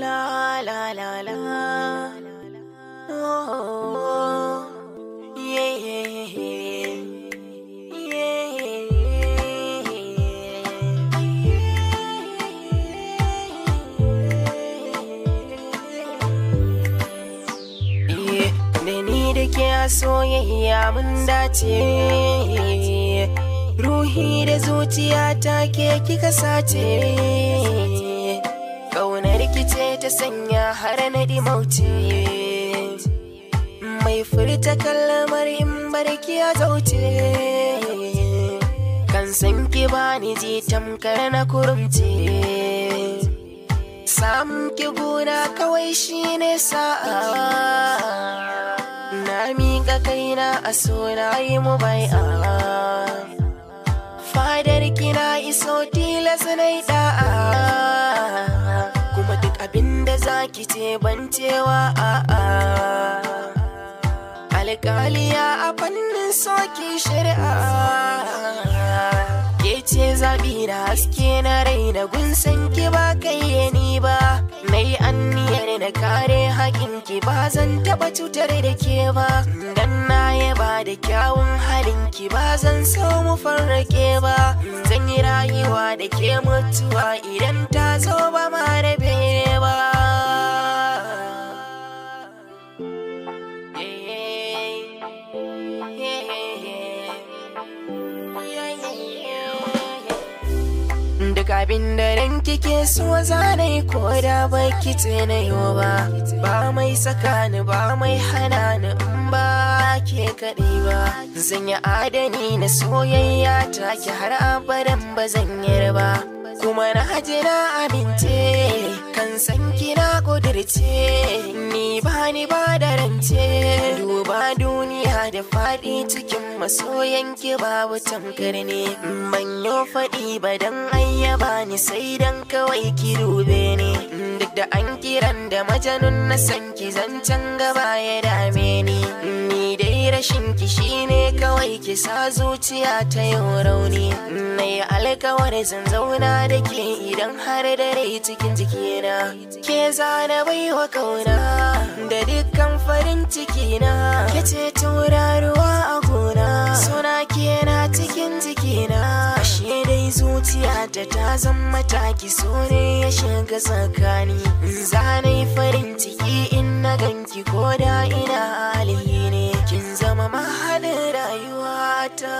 La la la la. Oh, yeah, yeah, yeah. yeah, yeah. ni da soyayya mun dace, ruhi da zuciya ta ke kika sace. ta sanya har di mauti mai furta kalmar in barki ya zauce kan san ki bani ji tamkar na kurumce samun ki guna kawai shine sa'a na miƙa kaina a suna yi mu bai'a fadar kina iso tilas na abinda zaki ce ban cewa a'a ya a fannin soki shari'a ke ce zaɓi da haske na rai da gunsan ki ba kai ni ba na yi anniyar da kare haƙin ki ba zan taɓa cutar da ke ba dan na yaba da kyawun halin ki ba zan so mu farrake ba zan yi rayuwa da ke mutuwa idan ta zo ba duk abin da ran kike so yi ko da ba kice na yo ba ba mai saka ni ba mai hana ni in ba ke kaɗai ba zan yi adani na soyayya ta ki har abadan ba zan yi yarba kuma na haji na amince kan san kina kudirce ni ba ni ba da rance duba duniya da faɗi cikin masoyan babu tamkar ne ban faɗi ba dan ayyaba ni sai dan kawai ki dube ni duk da an kiran da majanun na san ki zancen gaba ya dame ni ni dai rashin ki shine kawai ki sa zuciya ta yau rauni na yi alkawar zan zauna da ke idan har dare cikin jikina ke zana baiwa kauna da dukkan farin ciki na ke ce tura ta zama taki so ne ya shiga tsakani zanai farin ciki in na ganki ko da ina hali ne kin zama mahalin rayuwata